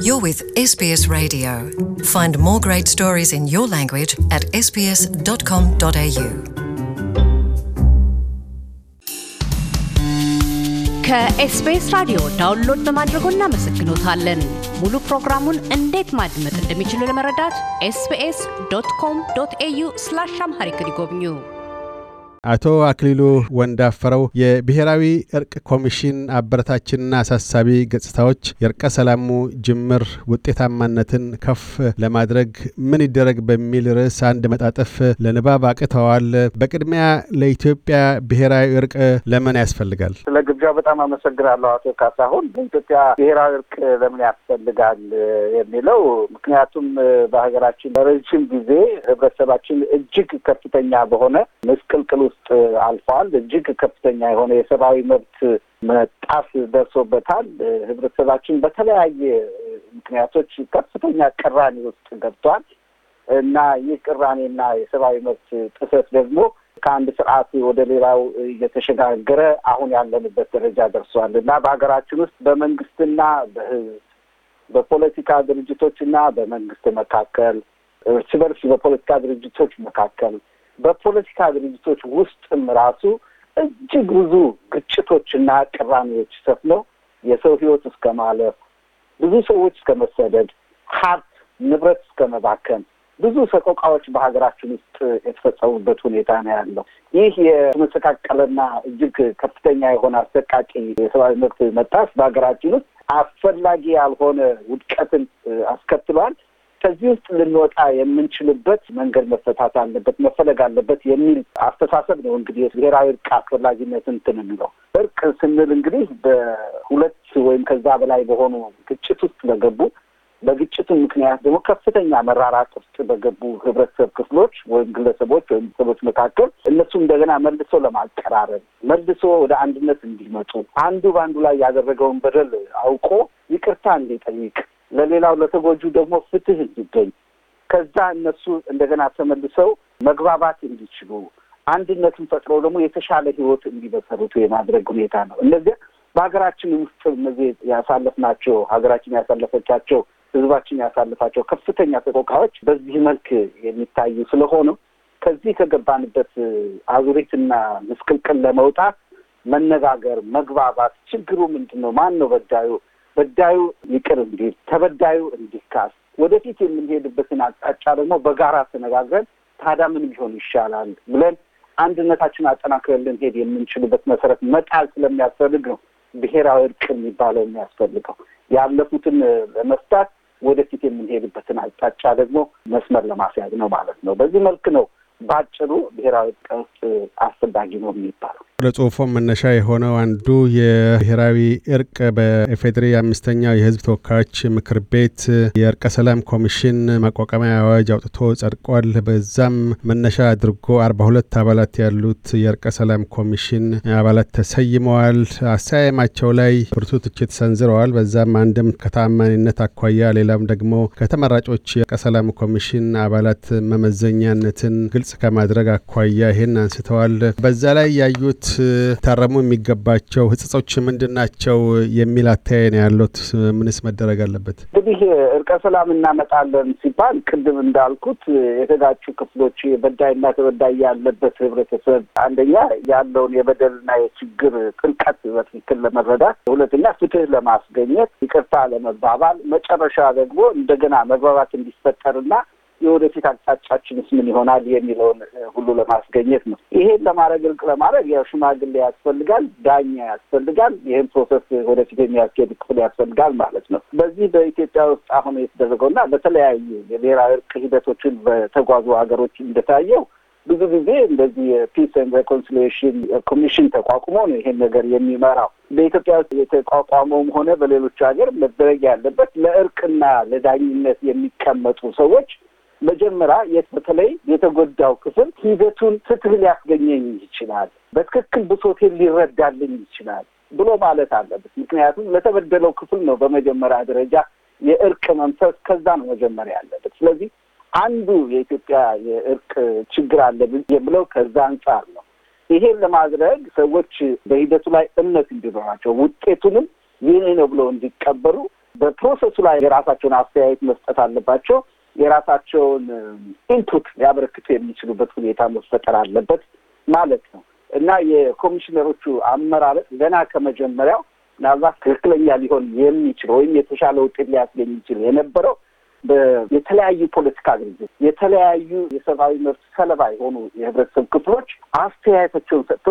You're with SBS Radio. Find more great stories in your language at sbs.com.au. SBS Radio download the Madragon Namasakinothalan. Mulu program and date madmet and the Michelin Maradat, sbs.com.au slash Sam አቶ አክሊሉ ወንዳፈረው የብሔራዊ እርቅ ኮሚሽን አበረታችንና አሳሳቢ ገጽታዎች የእርቀ ሰላሙ ጅምር ውጤታማነትን ከፍ ለማድረግ ምን ይደረግ በሚል ርዕስ አንድ መጣጥፍ ለንባብ አቅተዋል። በቅድሚያ ለኢትዮጵያ ብሔራዊ እርቅ ለምን ያስፈልጋል? ስለ ግብዣው በጣም አመሰግናለሁ አቶ ካሳሁን። ለኢትዮጵያ ብሔራዊ እርቅ ለምን ያስፈልጋል የሚለው ምክንያቱም በሀገራችን በረጅም ጊዜ ህብረተሰባችን እጅግ ከፍተኛ በሆነ ምስቅልቅሉ ውስጥ አልፈዋል። እጅግ ከፍተኛ የሆነ የሰብአዊ መብት መጣስ ደርሶበታል። ህብረተሰባችን በተለያየ ምክንያቶች ከፍተኛ ቅራኔ ውስጥ ገብቷል እና ይህ ቅራኔና የሰብአዊ መብት ጥሰት ደግሞ ከአንድ ስርዓት ወደ ሌላው እየተሸጋገረ አሁን ያለንበት ደረጃ ደርሷል እና በሀገራችን ውስጥ በመንግስትና በህዝብ በፖለቲካ ድርጅቶችና በመንግስት መካከል እርስ በርስ በፖለቲካ ድርጅቶች መካከል በፖለቲካ ድርጅቶች ውስጥም ራሱ እጅግ ብዙ ግጭቶችና ቅራኔዎች ሰፍነው የሰው ህይወት እስከ ማለፍ፣ ብዙ ሰዎች እስከ መሰደድ፣ ሀብት ንብረት እስከ መባከን ብዙ ሰቆቃዎች በሀገራችን ውስጥ የተፈጸሙበት ሁኔታ ነው ያለው። ይህ የተመሰቃቀለና እጅግ ከፍተኛ የሆነ አሰቃቂ የሰብአዊ መብት መጣስ በሀገራችን ውስጥ አስፈላጊ ያልሆነ ውድቀትን አስከትሏል። ከዚህ ውስጥ ልንወጣ የምንችልበት መንገድ መፈታት አለበት፣ መፈለግ አለበት የሚል አስተሳሰብ ነው። እንግዲህ ብሔራዊ እርቅ አስፈላጊነት እንትን የሚለው እርቅ ስንል እንግዲህ በሁለት ወይም ከዛ በላይ በሆኑ ግጭት ውስጥ ለገቡ በግጭቱ ምክንያት ደግሞ ከፍተኛ መራራት ውስጥ በገቡ ህብረተሰብ ክፍሎች ወይም ግለሰቦች ወይም ሰቦች መካከል እነሱ እንደገና መልሶ ለማቀራረብ መልሶ ወደ አንድነት እንዲመጡ አንዱ በአንዱ ላይ ያደረገውን በደል አውቆ ይቅርታ እንዲጠይቅ ለሌላው ለተጎጁ ደግሞ ፍትህ እንዲገኝ ከዛ እነሱ እንደገና ተመልሰው መግባባት እንዲችሉ አንድነትን ፈጥሮ ደግሞ የተሻለ ህይወት እንዲመሰርቱ የማድረግ ሁኔታ ነው። እነዚህ በሀገራችን ውስጥ እነዚህ ያሳለፍናቸው ሀገራችን ያሳለፈቻቸው ህዝባችን ያሳልፋቸው ከፍተኛ ተቆቃዎች በዚህ መልክ የሚታዩ ስለሆኑ ከዚህ ከገባንበት አዙሪትና ምስቅልቅል ለመውጣት መነጋገር፣ መግባባት ችግሩ ምንድን ነው? ማን ነው በዳዩ? በዳዩ ይቅር እንዲል፣ ተበዳዩ እንዲካስ፣ ወደፊት የምንሄድበትን አቅጣጫ ደግሞ በጋራ ተነጋግረን ታዲያ ምን ቢሆን ይሻላል ብለን አንድነታችን አጠናክረን ልንሄድ የምንችልበት መሰረት መጣል ስለሚያስፈልግ ነው ብሔራዊ እርቅ የሚባለው የሚያስፈልገው። ያለፉትን ለመፍታት ወደፊት የምንሄድበትን አቅጣጫ ደግሞ መስመር ለማስያዝ ነው ማለት ነው። በዚህ መልክ ነው በአጭሩ ብሔራዊ እርቅ አስፈላጊ ነው የሚባለው። ለጽሁፎ መነሻ የሆነው አንዱ የብሔራዊ እርቅ በኢፌዴሪ አምስተኛው የህዝብ ተወካዮች ምክር ቤት የእርቀ ሰላም ኮሚሽን ማቋቋሚያ አዋጅ አውጥቶ ጸድቋል። በዛም መነሻ አድርጎ አርባ ሁለት አባላት ያሉት የእርቀ ሰላም ኮሚሽን አባላት ተሰይመዋል። አሰያየማቸው ላይ ብርቱ ትችት ሰንዝረዋል። በዛም አንድም ከተአማኒነት አኳያ፣ ሌላም ደግሞ ከተመራጮች የእርቀ ሰላም ኮሚሽን አባላት መመዘኛነትን ግልጽ ከማድረግ አኳያ ይህን አንስተዋል። በዛ ላይ ያዩት ታረሙ የሚገባቸው ህጽጾች ምንድን ናቸው የሚል አተያይ ነው ያሉት። ምንስ መደረግ አለበት? እንግዲህ እርቀ ሰላም እናመጣለን ሲባል ቅድም እንዳልኩት የተጋጩ ክፍሎች በዳይና ተበዳይ ያለበት ህብረተሰብ አንደኛ ያለውን የበደልና የችግር ጥልቀት በትክክል ለመረዳት፣ ሁለተኛ ፍትህ ለማስገኘት፣ ይቅርታ ለመባባል፣ መጨረሻ ደግሞ እንደገና መግባባት እንዲፈጠርና የወደፊት አቅጣጫችንስ ምን ይሆናል የሚለውን ሁሉ ለማስገኘት ነው። ይሄን ለማድረግ እርቅ ለማድረግ ያው ሽማግሌ ያስፈልጋል፣ ዳኛ ያስፈልጋል፣ ይህን ፕሮሰስ ወደፊት የሚያስኬድ ክፍል ያስፈልጋል ማለት ነው። በዚህ በኢትዮጵያ ውስጥ አሁን የተደረገውና በተለያዩ የብሔራዊ እርቅ ሂደቶችን በተጓዙ ሀገሮች እንደታየው ብዙ ጊዜ እንደዚህ የፒስ ኤንድ ሬኮንሲሊዬሽን ኮሚሽን ተቋቁሞ ነው ይሄን ነገር የሚመራው። በኢትዮጵያ ውስጥ የተቋቋመውም ሆነ በሌሎች ሀገር መደረግ ያለበት ለእርቅና ለዳኝነት የሚቀመጡ ሰዎች መጀመሪያ በተለይ የተጎዳው ክፍል ሂደቱን ፍትህ ሊያስገኘኝ ይችላል፣ በትክክል ብሶቴን ሊረዳልኝ ይችላል ብሎ ማለት አለበት። ምክንያቱም ለተበደለው ክፍል ነው በመጀመሪያ ደረጃ የእርቅ መንፈስ ከዛ ነው መጀመሪያ ያለበት። ስለዚህ አንዱ የኢትዮጵያ የእርቅ ችግር አለ የምለው ከዛ አንጻር ነው። ይሄን ለማድረግ ሰዎች በሂደቱ ላይ እምነት እንዲኖራቸው ውጤቱንም የኔ ነው ብለው እንዲቀበሉ በፕሮሰሱ ላይ የራሳቸውን አስተያየት መስጠት አለባቸው። የራሳቸውን ኢንፑት ሊያበረክቱ የሚችሉበት ሁኔታ መፈጠር አለበት ማለት ነው እና የኮሚሽነሮቹ አመራረጥ ገና ከመጀመሪያው ምናልባት ትክክለኛ ሊሆን የሚችል ወይም የተሻለ ውጤት ሊያስገኝ ይችል የነበረው የተለያዩ ፖለቲካ ድርጅት የተለያዩ የሰብአዊ መብት ሰለባ የሆኑ የህብረተሰብ ክፍሎች አስተያየታቸውን ሰጥቶ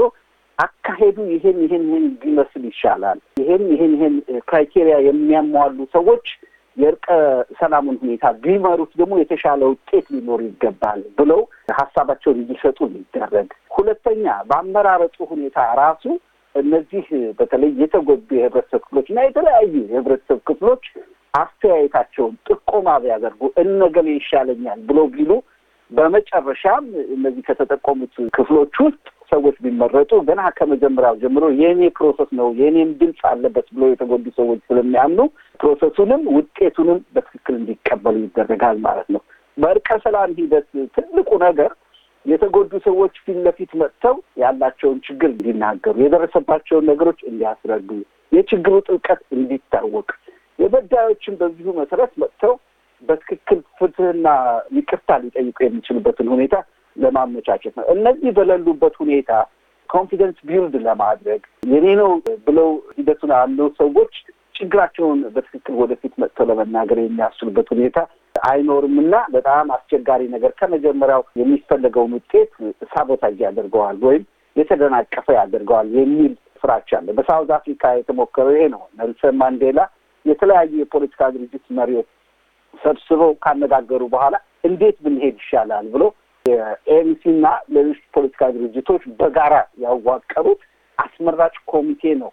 አካሄዱ ይሄን ይሄን ይሄን ሊመስል ይሻላል፣ ይሄን ይሄን ይሄን ክራይቴሪያ የሚያሟሉ ሰዎች የእርቀ ሰላሙን ሁኔታ ቢመሩት ደግሞ የተሻለ ውጤት ሊኖር ይገባል ብለው ሀሳባቸውን እንዲሰጡ ይደረግ። ሁለተኛ፣ በአመራረጡ ሁኔታ ራሱ እነዚህ በተለይ የተጎዱ የህብረተሰብ ክፍሎች እና የተለያዩ የህብረተሰብ ክፍሎች አስተያየታቸውን ጥቆማ ቢያደርጉ እነገሌ ይሻለኛል ብለው ቢሉ በመጨረሻም እነዚህ ከተጠቆሙት ክፍሎች ውስጥ ሰዎች ቢመረጡ ገና ከመጀመሪያው ጀምሮ የእኔ ፕሮሰስ ነው የእኔም ድምፅ አለበት ብሎ የተጎዱ ሰዎች ስለሚያምኑ ፕሮሰሱንም ውጤቱንም በትክክል እንዲቀበሉ ይደረጋል ማለት ነው። በእርቀ ሰላም ሂደት ትልቁ ነገር የተጎዱ ሰዎች ፊት ለፊት መጥተው ያላቸውን ችግር እንዲናገሩ፣ የደረሰባቸውን ነገሮች እንዲያስረዱ፣ የችግሩ ጥልቀት እንዲታወቅ፣ የበዳዮችን በዚሁ መሰረት መጥተው በትክክል ፍትህና ይቅርታ ሊጠይቁ የሚችሉበትን ሁኔታ ለማመቻቸት ነው። እነዚህ በሌሉበት ሁኔታ ኮንፊደንስ ቢልድ ለማድረግ የኔ ነው ብለው ሂደቱን ያለው ሰዎች ችግራቸውን በትክክል ወደፊት መጥተው ለመናገር የሚያስችሉበት ሁኔታ አይኖርም እና በጣም አስቸጋሪ ነገር ከመጀመሪያው የሚፈለገውን ውጤት ሳቦታጅ ያደርገዋል ወይም የተደናቀፈ ያደርገዋል የሚል ፍራቻ አለ። በሳውዝ አፍሪካ የተሞከረው ይሄ ነው። ኔልሰን ማንዴላ የተለያዩ የፖለቲካ ድርጅት መሪዎች ሰብስበው ካነጋገሩ በኋላ እንዴት ብንሄድ ይሻላል ብሎ የኤንሲ እና ሌሎች ፖለቲካ ድርጅቶች በጋራ ያዋቀሩት አስመራጭ ኮሚቴ ነው።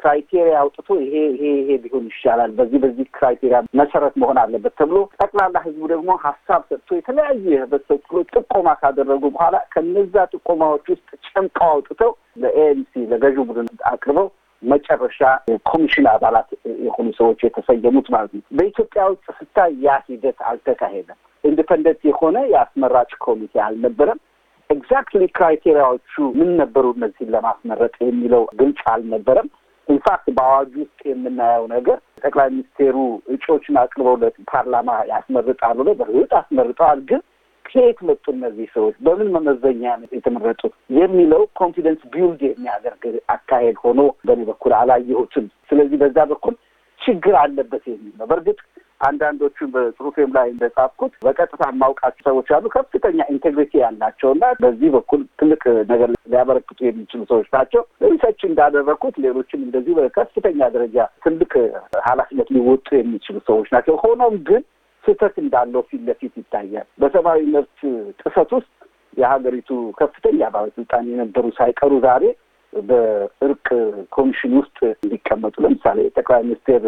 ክራይቴሪያ አውጥቶ ይሄ ይሄ ይሄ ቢሆን ይሻላል፣ በዚህ በዚህ ክራይቴሪያ መሰረት መሆን አለበት ተብሎ ጠቅላላ ህዝቡ ደግሞ ሀሳብ ሰጥቶ የተለያዩ የህብረተሰብ ክፍሎች ጥቆማ ካደረጉ በኋላ ከነዛ ጥቆማዎች ውስጥ ጨምቀው አውጥተው ለኤኤንሲ ለገዢ ቡድን አቅርበው መጨረሻ የኮሚሽን አባላት የሆኑ ሰዎች የተሰየሙት ማለት ነው። በኢትዮጵያ ውስጥ ስታይ ያ ሂደት አልተካሄደም። ኢንዲፐንደንት የሆነ የአስመራጭ ኮሚቴ አልነበረም። ኤግዛክትሊ ክራይቴሪያዎቹ ምን ነበሩ እነዚህን ለማስመረጥ የሚለው ግልጽ አልነበረም። ኢንፋክት በአዋጅ ውስጥ የምናየው ነገር ጠቅላይ ሚኒስቴሩ እጩዎችን አቅርበው ለፓርላማ ያስመርጣሉ። በእርግጥ አስመርጠዋል ግን ከየት መጡ እነዚህ ሰዎች፣ በምን መመዘኛ የተመረጡት የሚለው ኮንፊደንስ ቢልድ የሚያደርግ አካሄድ ሆኖ በእኔ በኩል አላየሁትም። ስለዚህ በዛ በኩል ችግር አለበት የሚል ነው። በእርግጥ አንዳንዶቹን በጽሁፌም ላይ እንደጻፍኩት በቀጥታ የማውቃቸው ሰዎች አሉ፣ ከፍተኛ ኢንቴግሪቲ ያላቸው እና በዚህ በኩል ትልቅ ነገር ሊያበረክቱ የሚችሉ ሰዎች ናቸው። ሪሰርች እንዳደረግኩት ሌሎችም እንደዚሁ በከፍተኛ ደረጃ ትልቅ ኃላፊነት ሊወጡ የሚችሉ ሰዎች ናቸው። ሆኖም ግን ስህተት እንዳለው ፊት ለፊት ይታያል። በሰብአዊ መብት ጥሰት ውስጥ የሀገሪቱ ከፍተኛ ባለስልጣን የነበሩ ሳይቀሩ ዛሬ በእርቅ ኮሚሽን ውስጥ እንዲቀመጡ ለምሳሌ ጠቅላይ ሚኒስትር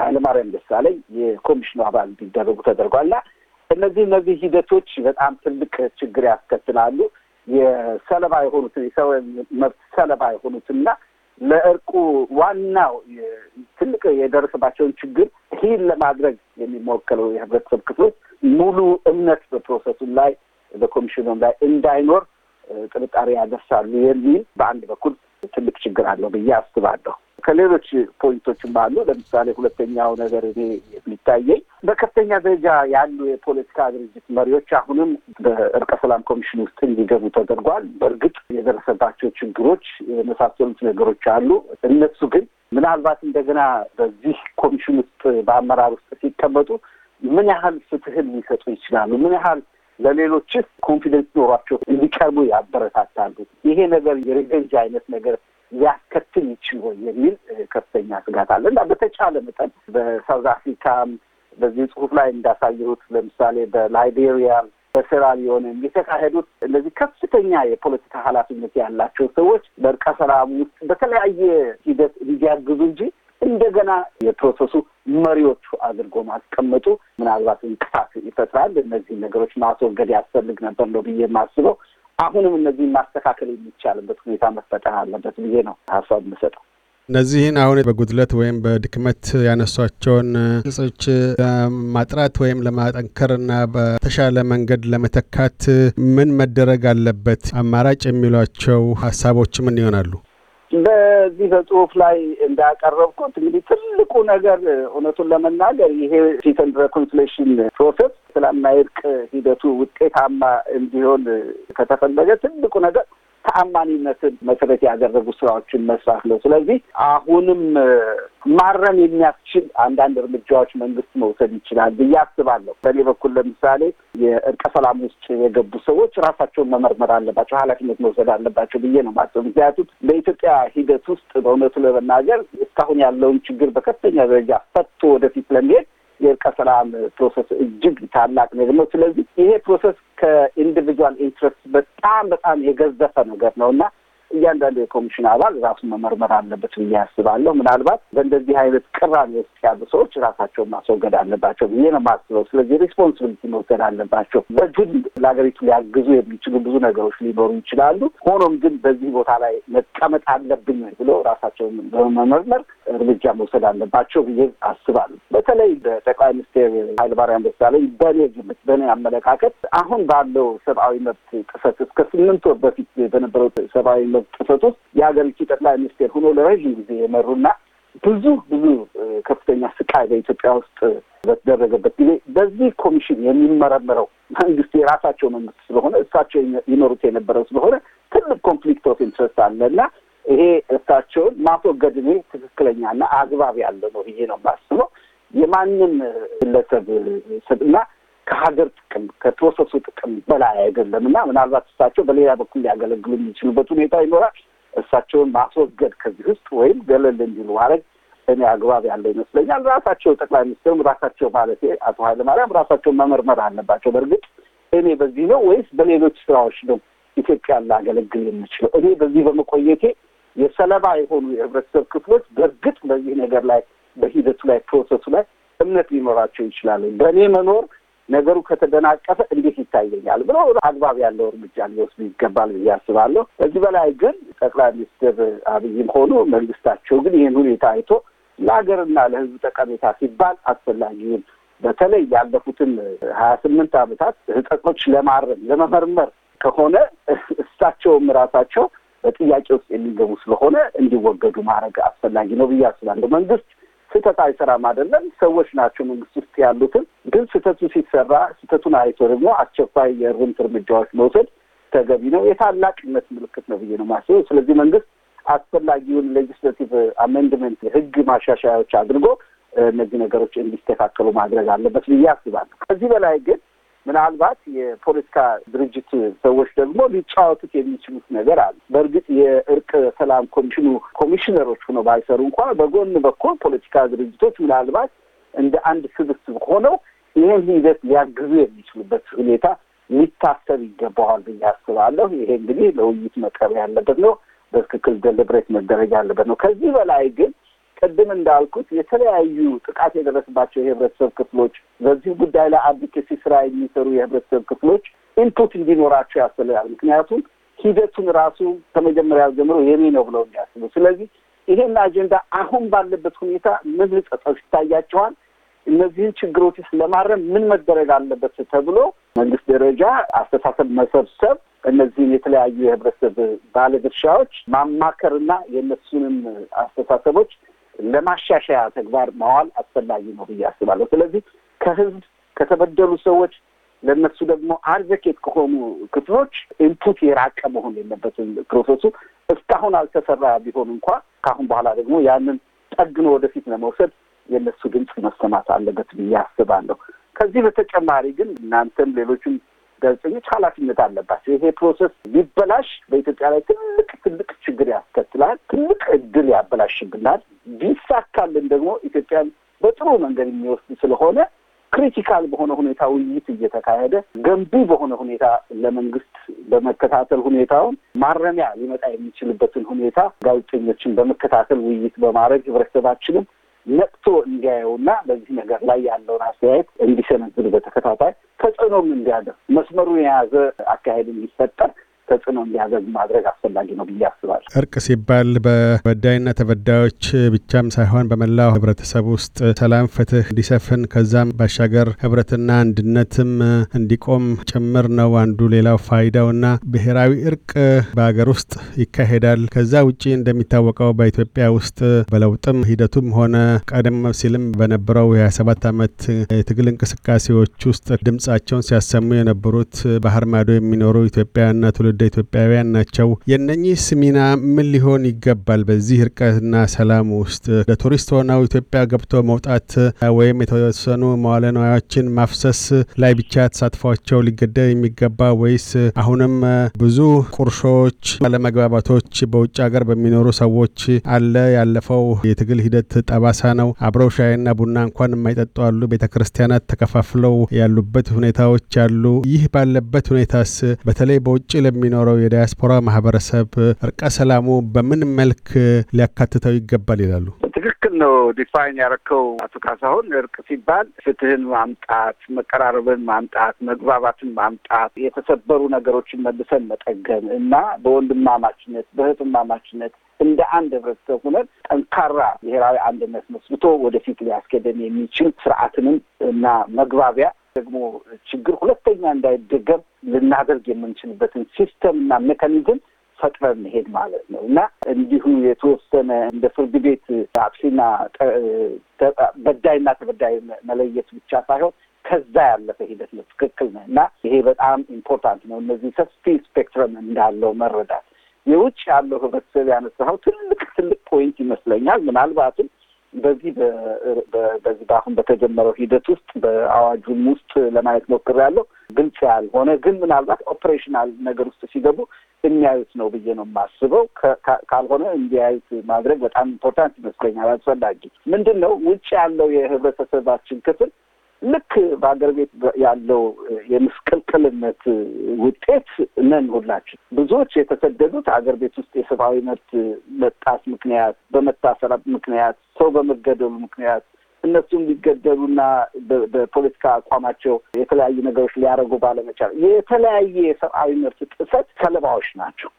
ኃይለማርያም ደሳለኝ የኮሚሽኑ አባል እንዲደረጉ ተደርጓልና እነዚህ እነዚህ ሂደቶች በጣም ትልቅ ችግር ያስከትላሉ። የሰለባ የሆኑትን የሰብአዊ መብት ሰለባ የሆኑትና ለእርቁ ዋናው ትልቅ የደረሰባቸውን ችግር ይህን ለማድረግ የሚሞከለው የህብረተሰብ ክፍሎች ሙሉ እምነት በፕሮሰሱ ላይ በኮሚሽኑም ላይ እንዳይኖር ጥርጣሬ ያደርሳሉ የሚል በአንድ በኩል ትልቅ ችግር አለው ብዬ አስባለሁ። ከሌሎች ፖይንቶችም አሉ። ለምሳሌ ሁለተኛው ነገር እኔ የሚታየኝ በከፍተኛ ደረጃ ያሉ የፖለቲካ ድርጅት መሪዎች አሁንም በእርቀ ሰላም ኮሚሽን ውስጥ እንዲገቡ ተደርጓል። በእርግጥ የደረሰባቸው ችግሮች የመሳሰሉት ነገሮች አሉ። እነሱ ግን ምናልባት እንደገና በዚህ ኮሚሽን ውስጥ በአመራር ውስጥ ሲቀመጡ ምን ያህል ፍትህን ሊሰጡ ይችላሉ? ምን ያህል ለሌሎችስ ኮንፊደንስ ኖሯቸው እንዲቀርቡ ያበረታታሉ? ይሄ ነገር የሪቨንጅ አይነት ነገር ሊያስከትል ይችል ሆይ የሚል ከፍተኛ ስጋት አለ እና በተቻለ መጠን በሳውዝ አፍሪካም በዚህ ጽሁፍ ላይ እንዳሳየሁት ለምሳሌ በላይቤሪያም በስራ የተካሄዱት እነዚህ ከፍተኛ የፖለቲካ ኃላፊነት ያላቸው ሰዎች በእርቀ ሰላም ውስጥ በተለያየ ሂደት እንዲያግዙ እንጂ እንደገና የፕሮሰሱ መሪዎቹ አድርጎ ማስቀመጡ ምናልባት እንቅፋት ይፈጥራል። እነዚህ ነገሮች ማስወገድ ያስፈልግ ነበር ነው ብዬ የማስበው። አሁንም እነዚህን ማስተካከል የሚቻልበት ሁኔታ መፈጠር አለበት ብዬ ነው ሀሳብ የምሰጠው። እነዚህን አሁን በጉድለት ወይም በድክመት ያነሷቸውን እጾች ለማጥራት ወይም ለማጠንከርና በተሻለ መንገድ ለመተካት ምን መደረግ አለበት? አማራጭ የሚሏቸው ሀሳቦች ምን ይሆናሉ? በዚህ በጽሁፍ ላይ እንዳቀረብኩት እንግዲህ ትልቁ ነገር እውነቱን ለመናገር ይሄ ፊትን ኤንድ ሬኮንሲሌሽን ፕሮሰስ ሰላምና እርቅ ሂደቱ ውጤታማ እንዲሆን ከተፈለገ ትልቁ ነገር ተአማኒነትን መሰረት ያደረጉ ስራዎችን መስራት ነው። ስለዚህ አሁንም ማረም የሚያስችል አንዳንድ እርምጃዎች መንግስት መውሰድ ይችላል ብዬ አስባለሁ። በእኔ በኩል ለምሳሌ የእርቀ ሰላም ውስጥ የገቡ ሰዎች ራሳቸውን መመርመር አለባቸው፣ ኃላፊነት መውሰድ አለባቸው ብዬ ነው የማስበው። ምክንያቱም በኢትዮጵያ ሂደት ውስጥ በእውነቱ ለመናገር እስካሁን ያለውን ችግር በከፍተኛ ደረጃ ፈቶ ወደፊት ለመሄድ የእርቀ ሰላም ፕሮሰስ እጅግ ታላቅ ነው ነው። ስለዚህ ይሄ ፕሮሰስ ከኢንዲቪጁዋል ኢንትረስት በጣም በጣም የገዘፈ ነገር ነው እና እያንዳንዱ የኮሚሽን አባል ራሱን መመርመር አለበት ብዬ አስባለሁ። ምናልባት በእንደዚህ አይነት ቅራኔ ውስጥ ያሉ ሰዎች ራሳቸውን ማስወገድ አለባቸው ብዬ ነው የማስበው። ስለዚህ ሪስፖንስብሊቲ መውሰድ አለባቸው። በግል ለሀገሪቱ ሊያግዙ የሚችሉ ብዙ ነገሮች ሊኖሩ ይችላሉ። ሆኖም ግን በዚህ ቦታ ላይ መቀመጥ አለብኝ ብሎ ራሳቸውን በመመርመር እርምጃ መውሰድ አለባቸው ብዬ አስባለሁ። በተለይ በጠቅላይ ሚኒስትር ኃይለማርያም ደሳለኝ በእኔ ግምት፣ በእኔ አመለካከት አሁን ባለው ሰብአዊ መብት ጥሰት እስከ ስምንት ወር በፊት በነበረው ሰብአዊ መብት ጥሰት ውስጥ የሀገሪቱ ጠቅላይ ሚኒስቴር ሆኖ ለረዥም ጊዜ የመሩና ብዙ ብዙ ከፍተኛ ስቃይ በኢትዮጵያ ውስጥ በተደረገበት ጊዜ በዚህ ኮሚሽን የሚመረምረው መንግስት የራሳቸው መንግስት ስለሆነ እሳቸው ይመሩት የነበረው ስለሆነ ትልቅ ኮንፍሊክት ኦፍ ኢንትረስት አለና ይሄ እሳቸውን ማስወገድ እኔ ትክክለኛና አግባብ ያለ ነው ብዬ ነው የማስበው። የማንም ግለሰብ ስብና ከሀገር ጥቅም ከተወሰሱ ጥቅም በላይ አይደለም እና ምናልባት እሳቸው በሌላ በኩል ሊያገለግሉ የሚችሉበት ሁኔታ ይኖራል። እሳቸውን ማስወገድ ከዚህ ውስጥ ወይም ገለል እንዲሉ ማድረግ እኔ አግባብ ያለው ይመስለኛል። ራሳቸው ጠቅላይ ሚኒስትርም ራሳቸው ማለት አቶ ኃይለማርያም ራሳቸውን መመርመር አለባቸው። በእርግጥ እኔ በዚህ ነው ወይስ በሌሎች ስራዎች ነው ኢትዮጵያን ላገለግል የምችለው? እኔ በዚህ በመቆየቴ የሰለባ የሆኑ የህብረተሰብ ክፍሎች በእርግጥ በዚህ ነገር ላይ በሂደቱ ላይ ፕሮሰሱ ላይ እምነት ሊኖራቸው ይችላል። በእኔ መኖር ነገሩ ከተደናቀፈ እንዴት ይታየኛል ብሎ አግባብ ያለው እርምጃ ሊወስዱ ይገባል ብዬ አስባለሁ። ከዚህ በላይ ግን ጠቅላይ ሚኒስትር አብይም ሆኑ መንግስታቸው ግን ይህን ሁኔታ አይቶ ለሀገርና ለህዝብ ጠቀሜታ ሲባል አስፈላጊውን በተለይ ያለፉትን ሀያ ስምንት አመታት ህጠቶች ለማረም ለመመርመር ከሆነ እሳቸውም ራሳቸው በጥያቄ ውስጥ የሚገቡ ስለሆነ እንዲወገዱ ማድረግ አስፈላጊ ነው ብዬ አስባለሁ። መንግስት ስህተት አይሰራም አይደለም፣ ሰዎች ናቸው መንግስት ውስጥ ያሉትን። ግን ስህተቱ ሲሰራ ስህተቱን አይቶ ደግሞ አስቸኳይ የእርምት እርምጃዎች መውሰድ ተገቢ ነው። የታላቅነት ምልክት ነው ብዬ ነው የማስበው። ስለዚህ መንግስት አስፈላጊውን ሌጅስሌቲቭ አሜንድመንት የህግ ማሻሻያዎች አድርጎ እነዚህ ነገሮች እንዲስተካከሉ ማድረግ አለበት ብዬ አስባለሁ። ከዚህ በላይ ግን ምናልባት የፖለቲካ ድርጅት ሰዎች ደግሞ ሊጫወቱት የሚችሉት ነገር አለ። በእርግጥ የእርቅ ሰላም ኮሚሽኑ ኮሚሽነሮች ሆነው ባይሰሩ እንኳ በጎን በኩል ፖለቲካ ድርጅቶች ምናልባት እንደ አንድ ስብስብ ሆነው ይህን ሂደት ሊያግዙ የሚችሉበት ሁኔታ ሊታሰብ ይገባዋል ብዬ አስባለሁ። ይሄ እንግዲህ ለውይይት መቅረብ ያለበት ነው። በትክክል ደልብሬት መደረግ ያለበት ነው። ከዚህ በላይ ግን ቅድም እንዳልኩት የተለያዩ ጥቃት የደረሰባቸው የህብረተሰብ ክፍሎች በዚህ ጉዳይ ላይ አድቮኬሲ ስራ የሚሰሩ የህብረተሰብ ክፍሎች ኢንፑት እንዲኖራቸው ያስፈልጋል። ምክንያቱም ሂደቱን ራሱ ከመጀመሪያ ጀምሮ የኔ ነው ብለው የሚያስቡ ስለዚህ ይሄን አጀንዳ አሁን ባለበት ሁኔታ ምን ልጸጠው ይታያቸዋል። እነዚህን ችግሮችስ ለማረም ምን መደረግ አለበት ተብሎ መንግስት ደረጃ አስተሳሰብ መሰብሰብ፣ እነዚህን የተለያዩ የህብረተሰብ ባለድርሻዎች ማማከርና የእነሱንም አስተሳሰቦች ለማሻሻያ ተግባር ማዋል አስፈላጊ ነው ብዬ አስባለሁ። ስለዚህ ከህዝብ ከተበደሉ ሰዎች ለእነሱ ደግሞ አድቮኬት ከሆኑ ክፍሎች ኢንፑት የራቀ መሆን የለበትም ፕሮሰሱ። እስካሁን አልተሰራ ቢሆን እንኳ ከአሁን በኋላ ደግሞ ያንን ጠግኖ ወደፊት ለመውሰድ የእነሱ ድምፅ መሰማት አለበት ብዬ አስባለሁ። ከዚህ በተጨማሪ ግን እናንተም ሌሎችም ጋዜጠኞች ኃላፊነት አለባቸው። ይሄ ፕሮሰስ ሊበላሽ በኢትዮጵያ ላይ ትልቅ ትልቅ ችግር ያስከትላል። ትልቅ እድል ያበላሽብናል። ቢሳካልን ደግሞ ኢትዮጵያን በጥሩ መንገድ የሚወስድ ስለሆነ ክሪቲካል በሆነ ሁኔታ ውይይት እየተካሄደ ገንቢ በሆነ ሁኔታ ለመንግስት በመከታተል ሁኔታውን ማረሚያ ሊመጣ የሚችልበትን ሁኔታ ጋዜጠኞችን በመከታተል ውይይት በማድረግ ህብረተሰባችንም ነቅቶ እንዲያየውና በዚህ ነገር ላይ ያለውን አስተያየት እንዲሰነዝር በተከታታይ ተጽዕኖም እንዲያደርግ መስመሩን የያዘ አካሄድ እንዲፈጠር ተጽዕኖ እንዲያገዝ ማድረግ አስፈላጊ ነው ብዬ አስባለሁ። እርቅ ሲባል በበዳይና ተበዳዮች ብቻም ሳይሆን በመላው ህብረተሰብ ውስጥ ሰላም፣ ፍትህ እንዲሰፍን ከዛም ባሻገር ህብረትና አንድነትም እንዲቆም ጭምር ነው አንዱ ሌላው ፋይዳውና ብሔራዊ እርቅ በሀገር ውስጥ ይካሄዳል። ከዛ ውጪ እንደሚታወቀው በኢትዮጵያ ውስጥ በለውጥም ሂደቱም ሆነ ቀደም ሲልም በነበረው የሀያሰባት ዓመት የትግል እንቅስቃሴዎች ውስጥ ድምጻቸውን ሲያሰሙ የነበሩት ባህር ማዶ የሚኖሩ ኢትዮጵያና ትውልድ ትውልደ ኢትዮጵያውያን ናቸው። የእነኚህስ ሚና ምን ሊሆን ይገባል? በዚህ እርቀትና ሰላም ውስጥ ለቱሪስት ሆነው ኢትዮጵያ ገብቶ መውጣት ወይም የተወሰኑ መዋለ ንዋያዎችን ማፍሰስ ላይ ብቻ ተሳትፏቸው ሊገደብ የሚገባ ወይስ አሁንም ብዙ ቁርሾች፣ አለመግባባቶች በውጭ ሀገር በሚኖሩ ሰዎች አለ ያለፈው የትግል ሂደት ጠባሳ ነው። አብረው ሻይና ቡና እንኳን የማይጠጡ አሉ። ቤተ ክርስቲያናት ተከፋፍለው ያሉበት ሁኔታዎች አሉ። ይህ ባለበት ሁኔታስ በተለይ በውጭ ለሚ የሚኖረው የዲያስፖራ ማህበረሰብ እርቀ ሰላሙ በምን መልክ ሊያካትተው ይገባል ይላሉ? ትክክል ነው። ዲፋይን ያረከው አቶ ካሳሁን እርቅ ሲባል ፍትህን ማምጣት፣ መቀራረብን ማምጣት፣ መግባባትን ማምጣት፣ የተሰበሩ ነገሮችን መልሰን መጠገን እና በወንድማማችነት በእህትማማችነት እንደ አንድ ህብረተሰብ ሁነት ጠንካራ ብሔራዊ አንድነት መስብቶ ወደፊት ሊያስኬደን የሚችል ስርዓትንም እና መግባቢያ ደግሞ ችግር ሁለተኛ እንዳይደገም ልናደርግ የምንችልበትን ሲስተም እና ሜካኒዝም ፈጥረን መሄድ ማለት ነው እና እንዲሁ የተወሰነ እንደ ፍርድ ቤት አጥፊና በዳይና ተበዳይ መለየት ብቻ ሳይሆን ከዛ ያለፈ ሂደት ነው። ትክክል ነው እና ይሄ በጣም ኢምፖርታንት ነው። እነዚህ ሰፊ ስፔክትረም እንዳለው መረዳት የውጭ ያለው ህብረተሰብ ያነሳኸው ትልቅ ትልቅ ፖይንት ይመስለኛል ምናልባትም በዚህ በዚህ በአሁን በተጀመረው ሂደት ውስጥ በአዋጁም ውስጥ ለማየት ሞክሬያለሁ። ግልጽ ያልሆነ ግን ምናልባት ኦፕሬሽናል ነገር ውስጥ ሲገቡ የሚያዩት ነው ብዬ ነው የማስበው። ካልሆነ እንዲያዩት ማድረግ በጣም ኢምፖርታንት ይመስለኛል፣ አስፈላጊ ምንድን ነው ውጭ ያለው የህብረተሰባችን ክፍል ልክ በሀገር ቤት ያለው የምስቅልቅልነት ውጤት ነን ሁላችን። ብዙዎች የተሰደዱት ሀገር ቤት ውስጥ የሰብአዊ መብት መጣስ ምክንያት፣ በመታሰር ምክንያት፣ ሰው በመገደሉ ምክንያት እነሱም ሊገደሉና በፖለቲካ አቋማቸው የተለያዩ ነገሮች ሊያደርጉ ባለመቻል የተለያየ የሰብአዊ መብት ጥሰት ሰለባዎች ናቸው።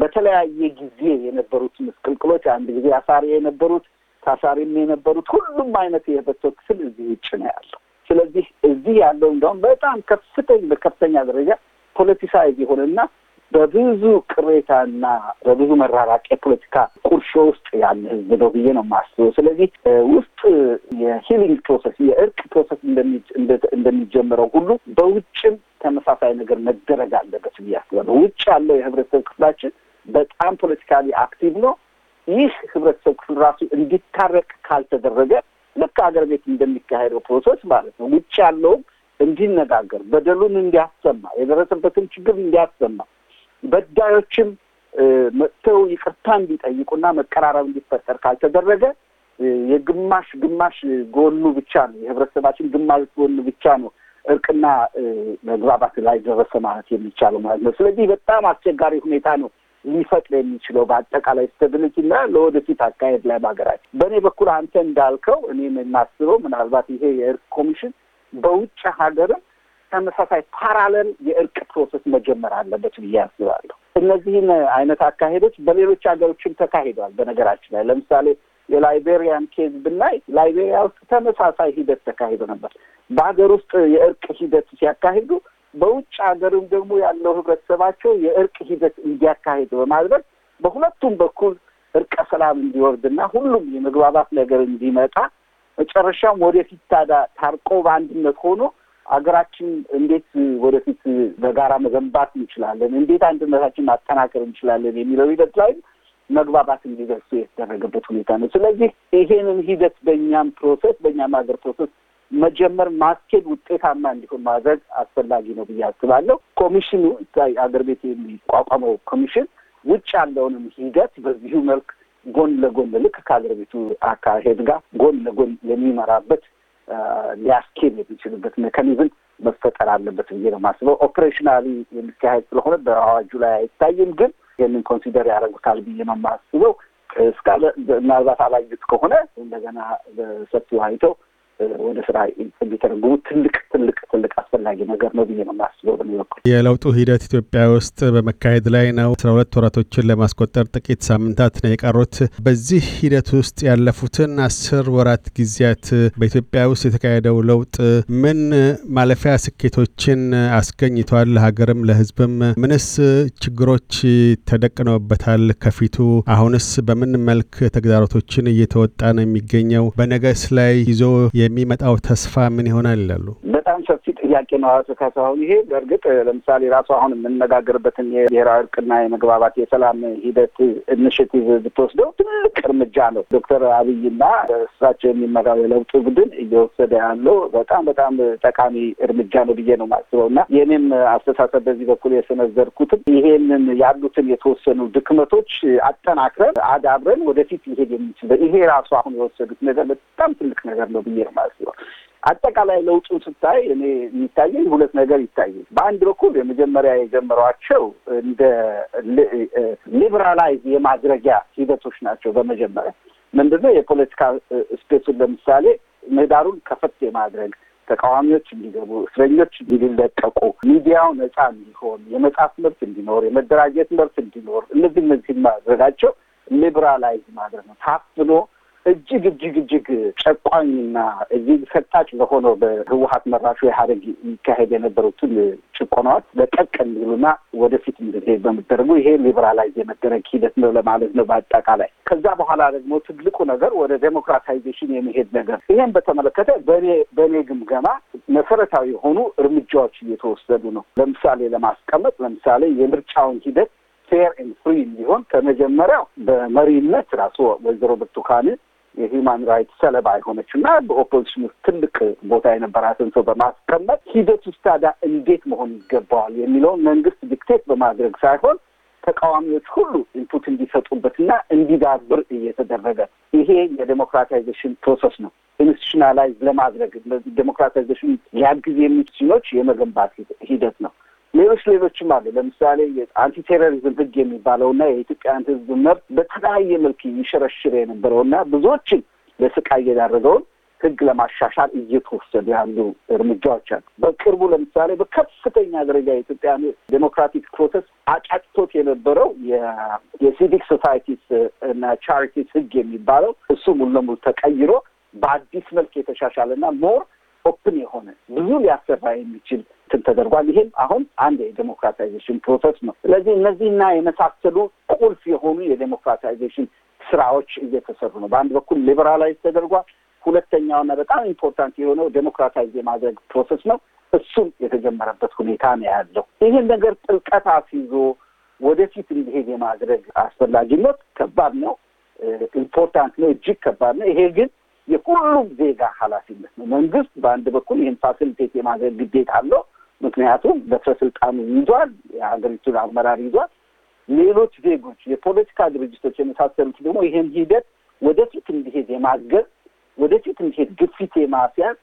በተለያየ ጊዜ የነበሩት ምስቅልቅሎች አንድ ጊዜ አሳሪ የነበሩት ታሳሪም የነበሩት ሁሉም አይነት የህብረተሰብ ክፍል እዚህ ውጭ ነው ያለው። ስለዚህ እዚህ ያለው እንደውም በጣም ከፍተኝ በከፍተኛ ደረጃ ፖለቲሳይዝ የሆነና በብዙ ቅሬታና በብዙ መራራቅ የፖለቲካ ቁርሾ ውስጥ ያለ ህዝብ ነው ብዬ ነው የማስበው። ስለዚህ ውስጥ የሂሊንግ ፕሮሰስ የእርቅ ፕሮሰስ እንደሚጀምረው ሁሉ በውጭም ተመሳሳይ ነገር መደረግ አለበት ብዬ አስባለሁ። ውጭ ያለው የህብረተሰብ ክፍላችን በጣም ፖለቲካሊ አክቲቭ ነው። ይህ ህብረተሰብ ክፍል ራሱ እንዲታረቅ ካልተደረገ ልክ አገር ቤት እንደሚካሄደው ፕሮሰስ ማለት ነው። ውጭ ያለውም እንዲነጋገር፣ በደሉን እንዲያሰማ፣ የደረሰበትን ችግር እንዲያሰማ፣ በዳዮችም መጥተው ይቅርታ እንዲጠይቁና መቀራረብ እንዲፈጠር ካልተደረገ የግማሽ ግማሽ ጎኑ ብቻ ነው የህብረተሰባችን ግማሽ ጎኑ ብቻ ነው እርቅና መግባባት ላይ ደረሰ ማለት የሚቻለው ማለት ነው። ስለዚህ በጣም አስቸጋሪ ሁኔታ ነው ሊፈቅድ የሚችለው በአጠቃላይ ስታቢሊቲ እና ለወደፊት አካሄድ ላይ በሀገራችን። በእኔ በኩል አንተ እንዳልከው እኔ የማስበው ምናልባት ይሄ የእርቅ ኮሚሽን በውጭ ሀገርም ተመሳሳይ ፓራለል የእርቅ ፕሮሰስ መጀመር አለበት ብዬ አስባለሁ። እነዚህን አይነት አካሄዶች በሌሎች ሀገሮችም ተካሂደዋል። በነገራችን ላይ ለምሳሌ የላይቤሪያን ኬዝ ብናይ ላይቤሪያ ውስጥ ተመሳሳይ ሂደት ተካሂዶ ነበር። በሀገር ውስጥ የእርቅ ሂደት ሲያካሂዱ በውጭ ሀገርም ደግሞ ያለው ህብረተሰባቸው የእርቅ ሂደት እንዲያካሄድ በማድረግ በሁለቱም በኩል እርቀ ሰላም እንዲወርድና ሁሉም የመግባባት ነገር እንዲመጣ መጨረሻም ወደፊት ታዳ ታርቆ በአንድነት ሆኖ አገራችን እንዴት ወደፊት በጋራ መገንባት እንችላለን፣ እንዴት አንድነታችን ማጠናከር እንችላለን የሚለው ሂደት ላይ መግባባት እንዲደርሱ የተደረገበት ሁኔታ ነው። ስለዚህ ይሄንን ሂደት በእኛም ፕሮሰስ በእኛም ሀገር ፕሮሰስ መጀመር ማስኬድ ውጤታማ እንዲሆን ማድረግ አስፈላጊ ነው ብዬ አስባለሁ። ኮሚሽኑ አገር ቤት የሚቋቋመው ኮሚሽን ውጭ ያለውንም ሂደት በዚሁ መልክ ጎን ለጎን ልክ ከሀገር ቤቱ አካሄድ ጋር ጎን ለጎን የሚመራበት ሊያስኬድ የሚችልበት ሜካኒዝም መፈጠር አለበት ብዬ ነው ማስበው። ኦፕሬሽናሊ የሚካሄድ ስለሆነ በአዋጁ ላይ አይታይም፣ ግን ይህንን ኮንሲደር ያደረጉታል ብዬ ነው ማስበው። እስካለ ምናልባት አላዩት ከሆነ እንደገና በሰፊው አይተው ወደ ስራ እንዲተረጉሙት ትልቅ ትልቅ ትልቅ አስፈላጊ ነገር ነው ብዬ ነው የማስበው። በሚበኩል የለውጡ ሂደት ኢትዮጵያ ውስጥ በመካሄድ ላይ ነው። አስራ ሁለት ወራቶችን ለማስቆጠር ጥቂት ሳምንታት ነው የቀሩት። በዚህ ሂደት ውስጥ ያለፉትን አስር ወራት ጊዜያት በኢትዮጵያ ውስጥ የተካሄደው ለውጥ ምን ማለፊያ ስኬቶችን አስገኝቷል? ለሀገርም ለህዝብም ምንስ ችግሮች ተደቅነውበታል? ከፊቱ አሁንስ በምን መልክ ተግዳሮቶችን እየተወጣ ነው የሚገኘው? በነገስ ላይ ይዞ የሚመጣው ተስፋ ምን ይሆናል ይላሉ? በጣም ሰፊ ጥያቄ ነው አቶ ካሳሁን። ይሄ በእርግጥ ለምሳሌ ራሱ አሁን የምነጋገርበትን የብሔራዊ እርቅና የመግባባት የሰላም ሂደት ኢኒሽቲቭ ብትወስደው ትልቅ እርምጃ ነው። ዶክተር አብይና እሳቸው የሚመራው የለውጡ ቡድን እየወሰደ ያለው በጣም በጣም ጠቃሚ እርምጃ ነው ብዬ ነው የማስበው እና የእኔም አስተሳሰብ በዚህ በኩል የሰነዘርኩትም ይሄንን ያሉትን የተወሰኑ ድክመቶች አጠናክረን አዳብረን ወደፊት ይሄድ የሚችል ይሄ ራሱ አሁን የወሰዱት ነገር በጣም ትልቅ ነገር ነው ብዬ ነው የማስበው። አጠቃላይ ለውጡን ስታይ እኔ የሚታየኝ ሁለት ነገር ይታየኝ። በአንድ በኩል የመጀመሪያ የጀመሯቸው እንደ ሊብራላይዝ የማድረጊያ ሂደቶች ናቸው። በመጀመሪያ ምንድነው የፖለቲካ ስፔሱን ለምሳሌ ምህዳሩን ከፈት የማድረግ ተቃዋሚዎች እንዲገቡ፣ እስረኞች እንዲለቀቁ፣ ሚዲያው ነጻ እንዲሆን፣ የመጽሐፍ መብት እንዲኖር፣ የመደራጀት መብት እንዲኖር እነዚህ እነዚህ ማድረጋቸው ሊብራላይዝ ማድረግ ነው ታፍኖ እጅግ እጅግ እጅግ ጨቋኝና እጅግ ሰጣጭ በሆነው በህወሀት መራሹ የሀረግ ይካሄድ የነበሩትን ጭቆናዎች ለቀቅ እንዲሉና ወደፊት እንዲሄድ በምደረጉ ይሄ ሊበራላይዝ የመደረግ ሂደት ነው ለማለት ነው በአጠቃላይ። ከዛ በኋላ ደግሞ ትልቁ ነገር ወደ ዴሞክራታይዜሽን የመሄድ ነገር፣ ይሄን በተመለከተ በእኔ በእኔ ግምገማ መሰረታዊ የሆኑ እርምጃዎች እየተወሰዱ ነው። ለምሳሌ ለማስቀመጥ ለምሳሌ የምርጫውን ሂደት ፌር ኤንድ ፍሪ እንዲሆን ከመጀመሪያው በመሪነት ራሱ ወይዘሮ ብርቱካን የሂማን ራይት ሰለባ የሆነች እና በኦፖዚሽን ውስጥ ትልቅ ቦታ የነበራትን ሰው በማስቀመጥ ሂደት ውስጥ ታዲያ እንዴት መሆን ይገባዋል የሚለውን መንግስት ዲክቴት በማድረግ ሳይሆን ተቃዋሚዎች ሁሉ ኢንፑት እንዲሰጡበትና እንዲዳብር እየተደረገ ይሄ የዴሞክራታይዜሽን ፕሮሰስ ነው። ኢንስቲቱሽናላይዝ ለማድረግ ዴሞክራታይዜሽን ሊያግዝ የሚችኖች የመገንባት ሂደት ነው። ሌሎች ሌሎችም አሉ። ለምሳሌ የአንቲ ቴሮሪዝም ህግ የሚባለውና የኢትዮጵያን ህዝብ መብት በተለያየ መልክ ይሸረሽር የነበረውና ብዙዎችን ለስቃይ የዳረገውን ህግ ለማሻሻል እየተወሰዱ ያሉ እርምጃዎች አሉ። በቅርቡ ለምሳሌ በከፍተኛ ደረጃ የኢትዮጵያ ዴሞክራቲክ ፕሮሰስ አጫጭቶት የነበረው የሲቪክ ሶሳይቲስ እና ቻሪቲስ ህግ የሚባለው እሱ ሙሉ ለሙሉ ተቀይሮ በአዲስ መልክ የተሻሻለ እና ሞር ኦፕን የሆነ ብዙ ሊያሰራ የሚችል እንትን ተደርጓል። ይሄም አሁን አንድ የዴሞክራታይዜሽን ፕሮሰስ ነው። ስለዚህ እነዚህና የመሳሰሉ ቁልፍ የሆኑ የዴሞክራታይዜሽን ስራዎች እየተሰሩ ነው። በአንድ በኩል ሊበራላይዝ ተደርጓል። ሁለተኛውና በጣም ኢምፖርታንት የሆነው ዴሞክራታይዝ የማድረግ ፕሮሰስ ነው። እሱም የተጀመረበት ሁኔታ ነው ያለው። ይህን ነገር ጥልቀት አስይዞ ወደፊት እንዲሄድ የማድረግ አስፈላጊነት ከባድ ነው፣ ኢምፖርታንት ነው፣ እጅግ ከባድ ነው። ይሄ ግን የሁሉም ዜጋ ኃላፊነት ነው። መንግስት በአንድ በኩል ይህን ፋሲሊቴት የማድረግ ግዴታ አለው። ምክንያቱም በስልጣኑ ይዟል፣ የሀገሪቱን አመራር ይዟል። ሌሎች ዜጎች፣ የፖለቲካ ድርጅቶች የመሳሰሉት ደግሞ ይህን ሂደት ወደፊት እንዲሄድ የማገዝ ወደፊት እንዲሄድ ግፊት የማስያዝ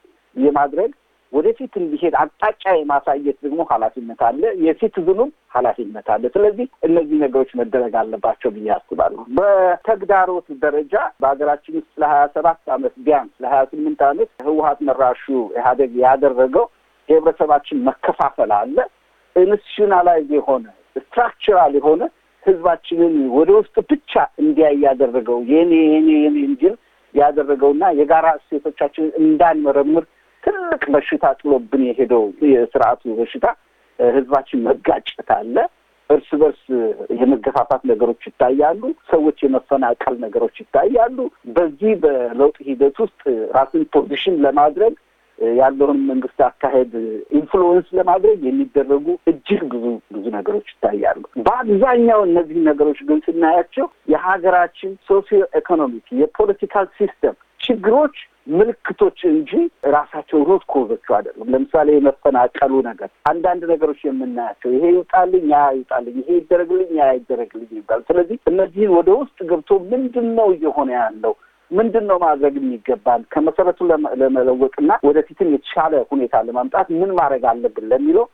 የማድረግ ወደፊት እንዲሄድ አቅጣጫ የማሳየት ደግሞ ኃላፊነት አለ። የሲቲዝኑም ኃላፊነት አለ። ስለዚህ እነዚህ ነገሮች መደረግ አለባቸው ብዬ አስባለሁ። በተግዳሮት ደረጃ በሀገራችን ውስጥ ለሀያ ሰባት ዓመት ቢያንስ ለሀያ ስምንት ዓመት ህወሀት መራሹ ኢህአዴግ ያደረገው የህብረተሰባችን መከፋፈል አለ። ኢንስቲቱሽናላይዝ የሆነ ስትራክቸራል የሆነ ህዝባችንን ወደ ውስጥ ብቻ እንዲያይ ያደረገው የኔ የኔ የኔ እንዲል ያደረገውና የጋራ እሴቶቻችንን እንዳንመረምር ትልቅ በሽታ ጥሎብን የሄደው የስርዓቱ በሽታ ህዝባችን መጋጨት አለ። እርስ በርስ የመገፋፋት ነገሮች ይታያሉ። ሰዎች የመፈናቀል ነገሮች ይታያሉ። በዚህ በለውጥ ሂደት ውስጥ ራስን ፖዚሽን ለማድረግ ያለውን መንግስት አካሄድ ኢንፍሉወንስ ለማድረግ የሚደረጉ እጅግ ብዙ ብዙ ነገሮች ይታያሉ። በአብዛኛው እነዚህ ነገሮች ግን ስናያቸው የሀገራችን ሶሲዮ ኢኮኖሚክ የፖለቲካል ሲስተም ችግሮች ምልክቶች እንጂ ራሳቸው ሮት ኮዞቹ አይደሉም። ለምሳሌ የመፈናቀሉ ነገር፣ አንዳንድ ነገሮች የምናያቸው ይሄ ይውጣልኝ፣ ያ ይውጣልኝ፣ ይሄ ይደረግልኝ፣ ያ ይደረግልኝ ይባል። ስለዚህ እነዚህን ወደ ውስጥ ገብቶ ምንድን ነው እየሆነ ያለው ምንድን ነው ማድረግ የሚገባል ከመሰረቱ ለመለወጥና ወደፊትም የተሻለ ሁኔታ ለማምጣት ምን ማድረግ አለብን ለሚለው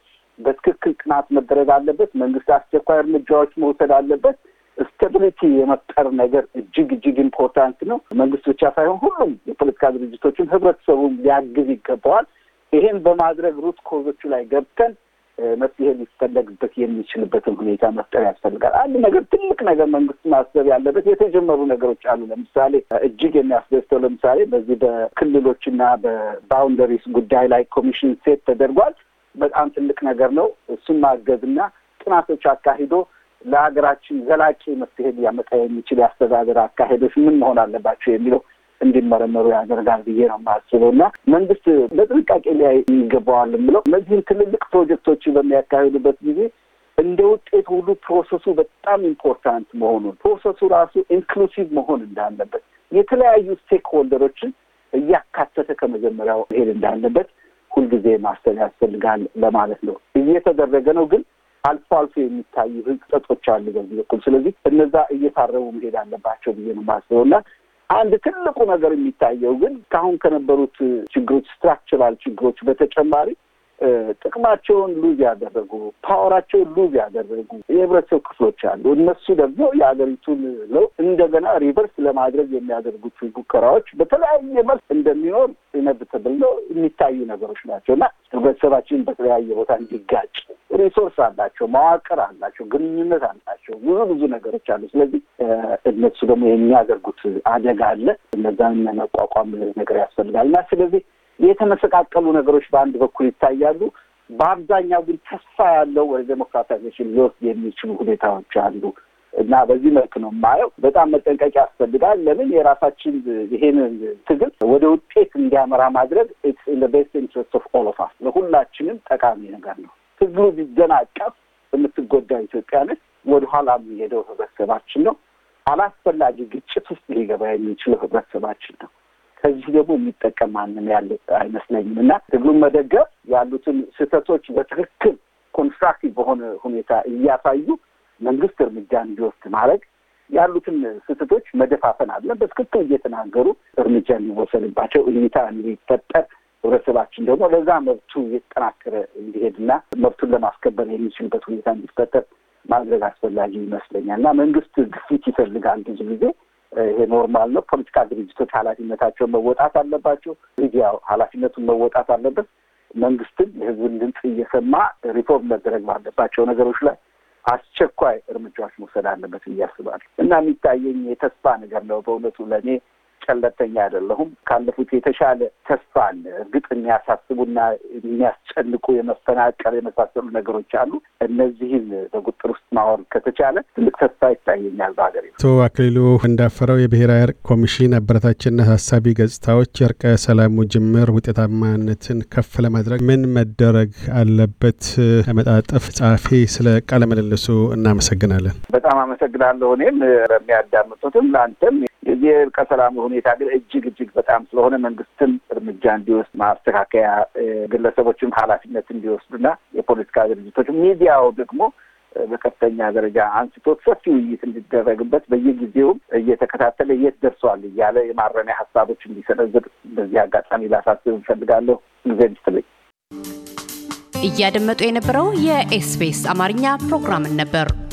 በትክክል ጥናት መደረግ አለበት። መንግስት አስቸኳይ እርምጃዎች መውሰድ አለበት። ስታቢሊቲ የመፍጠር ነገር እጅግ እጅግ ኢምፖርታንት ነው። መንግስት ብቻ ሳይሆን ሁሉም የፖለቲካ ድርጅቶችን ህብረተሰቡም ሊያግዝ ይገባዋል። ይሄን በማድረግ ሩት ኮዞቹ ላይ ገብተን መፍትሄ ሊፈለግበት የሚችልበትን ሁኔታ መፍጠር ያስፈልጋል። አንድ ነገር ትልቅ ነገር መንግስት ማሰብ ያለበት የተጀመሩ ነገሮች አሉ። ለምሳሌ እጅግ የሚያስደስተው ለምሳሌ በዚህ በክልሎችና በባውንደሪስ ጉዳይ ላይ ኮሚሽን ሴት ተደርጓል። በጣም ትልቅ ነገር ነው። እሱን ማገዝና ጥናቶች አካሂዶ ለሀገራችን ዘላቂ መፍትሄ ሊያመጣ የሚችል የአስተዳደር አካሄዶች ምን መሆን አለባቸው የሚለው እንዲመረመሩ ያደርጋል ብዬ ነው የማስበው እና መንግስት በጥንቃቄ ላይ ይገባዋል ብለው እነዚህን ትልልቅ ፕሮጀክቶች በሚያካሂዱበት ጊዜ እንደ ውጤት ሁሉ ፕሮሰሱ በጣም ኢምፖርታንት መሆኑን ፕሮሰሱ ራሱ ኢንክሉሲቭ መሆን እንዳለበት የተለያዩ ስቴክ ሆልደሮችን እያካተተ ከመጀመሪያው መሄድ እንዳለበት ሁልጊዜ ማሰብ ያስፈልጋል ለማለት ነው። እየተደረገ ነው ግን አልፎ አልፎ የሚታዩ ህጸጾች አሉ በዚህ በኩል። ስለዚህ እነዛ እየታረሙ መሄድ አለባቸው ብዬ ነው የማስበው እና አንድ ትልቁ ነገር የሚታየው ግን እስካሁን ከነበሩት ችግሮች ስትራክቸራል ችግሮች በተጨማሪ ጥቅማቸውን ሉዝ ያደረጉ ፓወራቸውን ሉዝ ያደረጉ የህብረተሰብ ክፍሎች አሉ። እነሱ ደግሞ የሀገሪቱን ለውጥ እንደገና ሪቨርስ ለማድረግ የሚያደርጉት ሙከራዎች በተለያየ መልክ እንደሚኖር ኢነብትብል ነው የሚታዩ ነገሮች ናቸው እና ህብረተሰባችን በተለያየ ቦታ እንዲጋጭ ሪሶርስ አላቸው፣ መዋቅር አላቸው፣ ግንኙነት አላቸው፣ ብዙ ብዙ ነገሮች አሉ። ስለዚህ እነሱ ደግሞ የሚያደርጉት አደጋ አለ። እነዛን መቋቋም ነገር ያስፈልጋል እና ስለዚህ የተመሰቃቀሉ ነገሮች በአንድ በኩል ይታያሉ። በአብዛኛው ግን ተስፋ ያለው ወደ ዴሞክራታይዜሽን ሊወስድ የሚችሉ ሁኔታዎች አሉ እና በዚህ መልክ ነው የማየው። በጣም መጠንቀቅ ያስፈልጋል። ለምን የራሳችን ይሄንን ትግል ወደ ውጤት እንዲያመራ ማድረግ ኢትስ ቤስት ኢንትረስት ኦፍ ኦል ኦፍ አስ ለሁላችንም ጠቃሚ ነገር ነው። ትግሉ ቢደናቀፍ የምትጎዳ ኢትዮጵያ ነች። ወደኋላ የሚሄደው ህብረተሰባችን ነው። አላስፈላጊ ግጭት ውስጥ ሊገባ የሚችለው ህብረተሰባችን ነው። ከዚህ ደግሞ የሚጠቀም ማንም ያለ አይመስለኝም እና ትግሉን መደገፍ ያሉትን ስህተቶች በትክክል ኮንስትራክቲቭ በሆነ ሁኔታ እያሳዩ መንግስት እርምጃ እንዲወስድ ማድረግ ያሉትን ስህተቶች መደፋፈን አለ በትክክል እየተናገሩ እርምጃ የሚወሰድባቸው እይታ እንዲፈጠር ህብረተሰባችን ደግሞ ለዛ መብቱ እየተጠናከረ እንዲሄድና መብቱን ለማስከበር የሚችልበት ሁኔታ እንዲፈጠር ማድረግ አስፈላጊ ይመስለኛል እና መንግስት ግፊት ይፈልጋል ብዙ ጊዜ ይሄ ኖርማል ነው። ፖለቲካ ድርጅቶች ኃላፊነታቸውን መወጣት አለባቸው። ሚዲያው ኃላፊነቱን መወጣት አለበት። መንግስትም የህዝብን ድምፅ እየሰማ ሪፎርም መደረግ ባለባቸው ነገሮች ላይ አስቸኳይ እርምጃዎች መውሰድ አለበት ብዬ አስባለሁ እና የሚታየኝ የተስፋ ነገር ነው በእውነቱ ለእኔ ጨለተኛ አይደለሁም። ካለፉት የተሻለ ተስፋ አለ። እርግጥ የሚያሳስቡና የሚያስጨንቁ የመፈናቀል የመሳሰሉ ነገሮች አሉ። እነዚህን በቁጥር ውስጥ ማወር ከተቻለ ትልቅ ተስፋ ይታየኛል በሀገር። አቶ አክሊሉ እንዳፈረው የብሔራዊ እርቅ ኮሚሽን አበረታችና አሳሳቢ ገጽታዎች እርቀ ሰላሙ ጅምር ውጤታማነትን ከፍ ለማድረግ ምን መደረግ አለበት? መጣጠፍ ጸሐፊ፣ ስለ ቃለ ምልልሱ እናመሰግናለን። በጣም አመሰግናለሁ። እኔም ለሚያዳምጡትም ለአንተም የዚህ የእርቀ ሰላሙ ሁኔታ ግን እጅግ እጅግ በጣም ስለሆነ መንግስትም እርምጃ እንዲወስድ ማስተካከያ፣ ግለሰቦችም ኃላፊነት እንዲወስዱና የፖለቲካ ድርጅቶች ሚዲያው ደግሞ በከፍተኛ ደረጃ አንስቶት ሰፊ ውይይት እንዲደረግበት በየጊዜውም እየተከታተለ የት ደርሷል እያለ የማረሚያ ሀሳቦች እንዲሰነዝር በዚህ አጋጣሚ ላሳስብ እንፈልጋለሁ። ጊዜ እንድትለኝ። እያደመጡ የነበረው የኤስቢኤስ አማርኛ ፕሮግራምን ነበር።